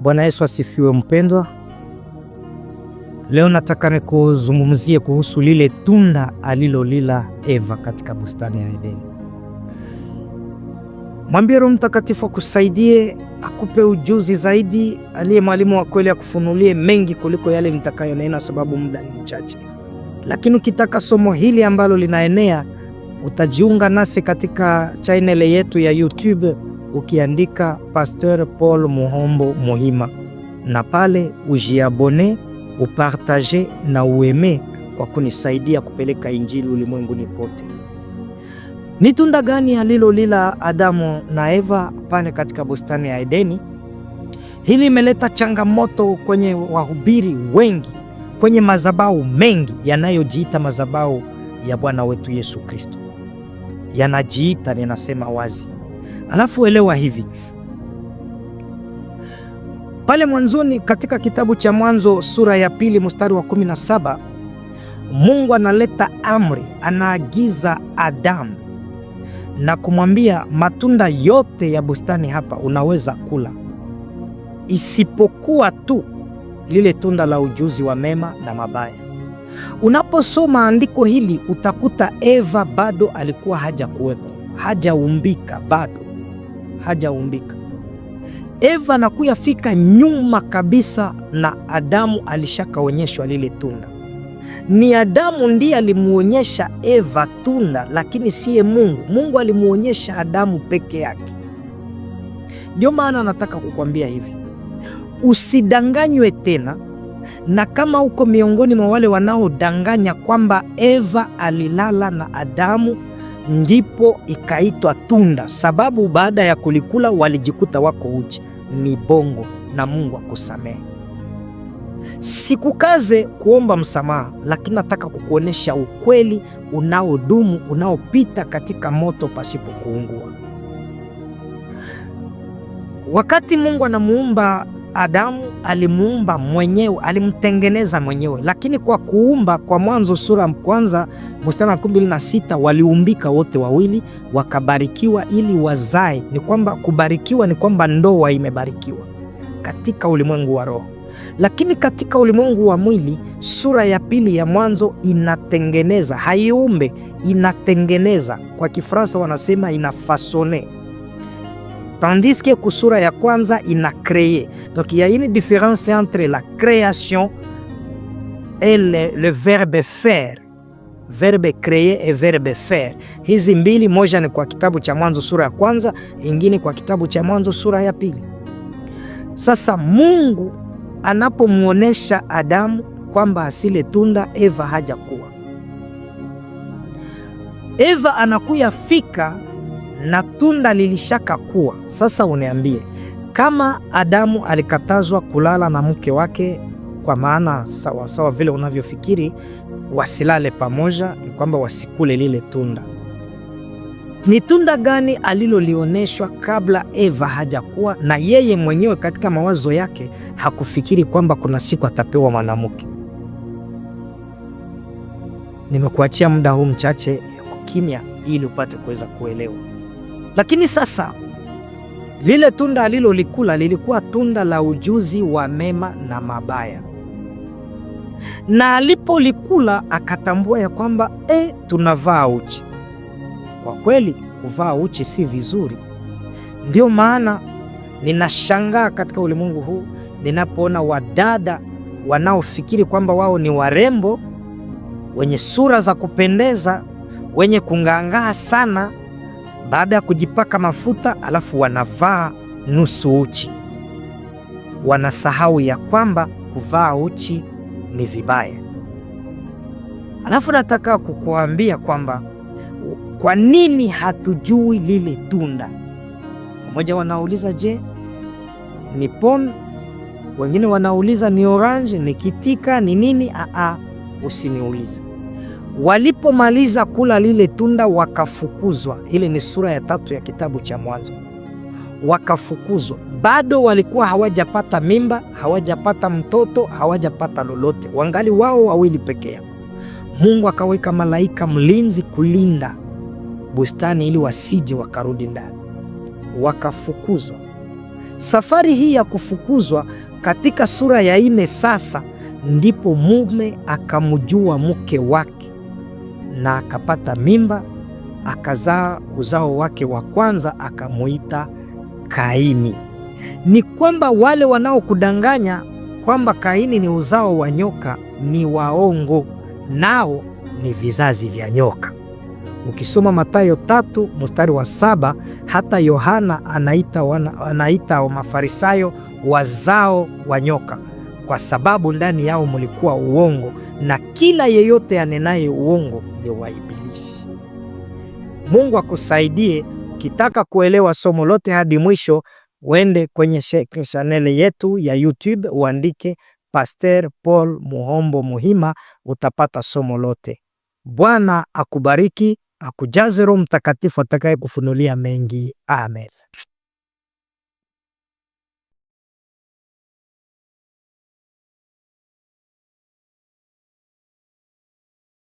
Bwana Yesu asifiwe mpendwa. Leo nataka nikuzungumzie kuhusu lile tunda alilolila Eva katika bustani ya Edeni. Mwambie Roho Mtakatifu akusaidie, akupe ujuzi zaidi, aliye mwalimu wa kweli akufunulie mengi kuliko yale nitakayonena, sababu muda ni mchache. Lakini ukitaka somo hili ambalo linaenea, utajiunga nasi katika chaneli yetu ya YouTube ukiandika Pasteur Paul Muhombo Muhima, na pale ujiabone, upartage na ueme kwa kunisaidia kupeleka injili ulimwenguni pote. Ni tunda gani alilolila Adamu na Eva pale katika bustani ya Edeni? Hili imeleta changamoto kwenye wahubiri wengi, kwenye mazabau mengi yanayojiita mazabau ya Bwana wetu Yesu Kristo, yanajiita, ninasema wazi Alafu elewa hivi pale mwanzoni katika kitabu cha Mwanzo sura ya pili mstari wa 17, Mungu analeta amri, anaagiza Adamu na kumwambia matunda yote ya bustani hapa unaweza kula, isipokuwa tu lile tunda la ujuzi wa mema na mabaya. Unaposoma andiko hili utakuta Eva bado alikuwa haja kuwekwa hajaumbika bado, hajaumbika. Eva nakuyafika nyuma kabisa na Adamu, alishakaonyeshwa lile tunda. Ni Adamu ndiye alimuonyesha Eva tunda, lakini siye Mungu. Mungu alimuonyesha Adamu peke yake. Ndio maana nataka kukwambia hivi, usidanganywe tena, na kama uko miongoni mwa wale wanaodanganya kwamba Eva alilala na Adamu ndipo ikaitwa tunda, sababu baada ya kulikula walijikuta wako uchi. Mibongo na Mungu akusamehe. Sikukaze kuomba msamaha, lakini nataka kukuonesha ukweli unaodumu unaopita katika moto pasipokuungua. Wakati Mungu anamuumba Adamu alimuumba mwenyewe, alimtengeneza mwenyewe, lakini kwa kuumba kwa Mwanzo sura kwanza mstari wa kumi na sita waliumbika wote wawili wakabarikiwa ili wazae. Ni kwamba kubarikiwa ni kwamba ndoa imebarikiwa katika ulimwengu wa roho, lakini katika ulimwengu wa mwili, sura ya pili ya Mwanzo inatengeneza, haiumbe, inatengeneza. Kwa Kifaransa wanasema inafasone Tandis que kusura ya kwanza ina créé. Donc il y a une différence entre la création et le, le verbe faire. Verbe créer et verbe faire. Hizi mbili, moja ni kwa kitabu cha Mwanzo sura ya kwanza, ingine kwa kitabu cha Mwanzo sura ya pili. Sasa Mungu anapomwonesha Adamu kwamba asile tunda, Eva hajakuwa Eva anakuya fika na tunda lilishaka kuwa Sasa uniambie, kama Adamu alikatazwa kulala na mke wake, kwa maana sawasawa sawa vile unavyofikiri wasilale pamoja, ni kwamba wasikule lile tunda. Ni tunda gani alilolioneshwa kabla Eva hajakuwa na yeye mwenyewe? Katika mawazo yake hakufikiri kwamba kuna siku atapewa mwanamke. Nimekuachia muda huu mchache ya kukimya ili upate kuweza kuelewa. Lakini sasa lile tunda alilolikula lilikuwa tunda la ujuzi wa mema na mabaya, na alipolikula akatambua ya kwamba e, tunavaa uchi. Kwa kweli kuvaa uchi si vizuri. Ndio maana ninashangaa katika ulimwengu huu ninapoona wadada wanaofikiri kwamba wao ni warembo wenye sura za kupendeza wenye kung'ang'aa sana baada ya kujipaka mafuta, alafu wanavaa nusu uchi. Wanasahau ya kwamba kuvaa uchi ni vibaya. Alafu nataka kukuambia kwamba kwa nini hatujui lile tunda. Mmoja wanauliza je, ni pom, wengine wanauliza ni orange, ni kitika, ni nini? Aa, usiniulize. Walipomaliza kula lile tunda wakafukuzwa. Ile ni sura ya tatu ya kitabu cha Mwanzo. Wakafukuzwa, bado walikuwa hawajapata mimba, hawajapata mtoto, hawajapata lolote, wangali wao wawili peke yao. Mungu akaweka malaika mlinzi kulinda bustani ili wasije wakarudi ndani, wakafukuzwa. Safari hii ya kufukuzwa katika sura ya nne, sasa ndipo mume akamjua mke wake na akapata mimba akazaa uzao wake wa kwanza akamuita Kaini. Ni kwamba wale wanaokudanganya kwamba Kaini ni uzao wa nyoka ni waongo, nao ni vizazi vya nyoka. Ukisoma Mathayo tatu mstari wa saba hata Yohana anaita, anaita wa Mafarisayo wazao wa nyoka kwa sababu ndani yao mulikuwa uongo, na kila yeyote anenaye uongo ni wa Ibilisi. Mungu akusaidie. Ukitaka kuelewa somo lote hadi mwisho, wende kwenye channel yetu ya YouTube uandike Pastor Paul Muhombo Muhima, utapata somo lote. Bwana akubariki, akujaze Roho Mtakatifu atakaye kufunulia mengi. Amen.